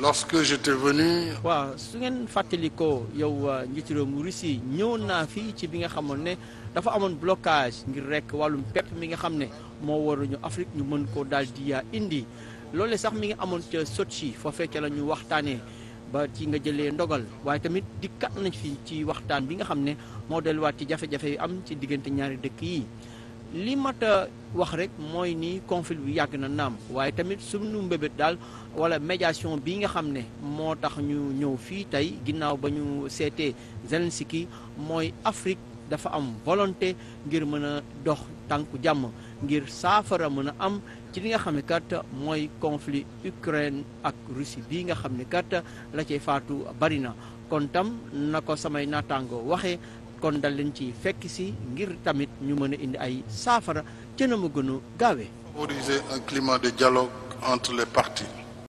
lorsque j'étais venu. waa su ngeen fàttalikoo yow njiitu réew mu Russie ñëw naa fii ci bi nga xamoon ne dafa amoon blocage ngir rek wàllum pepp mi nga xam ne moo waruñu Afrique ñu mën koo daal di indi loole sax mi ngi amoon ca Sotchi foofee ca la ñu waxtaanee ba ci nga jëlee ndogal waaye tamit dikkat nañu fi ci waxtaan bi nga xam ne moo delluwaat ci jafe-jafe yi am ci diggante ñaari dëkk yi. li mat a wax rek mooy ni conflit bi yàgg na naam waaye tamit suñu mbébét daal wala médiation bi nga xam ne moo tax ñu ñëw fii tey ginnaaw ba ñu seetee Zelensky mooy Afrique dafa am volonté ngir mën a dox tànku jàmm ngir saafara mën a am ci li nga xam ne kat mooy conflit Ukraine ak Russie bi nga xam ne kat la cay faatu bari na kon tam na ko samay naataango waxee kon dal leen ci fekk si ngir tamit ñu mën a indi ay saafara ca na mu gën a gaawee. favoriser un climat de dialogue entre les parties.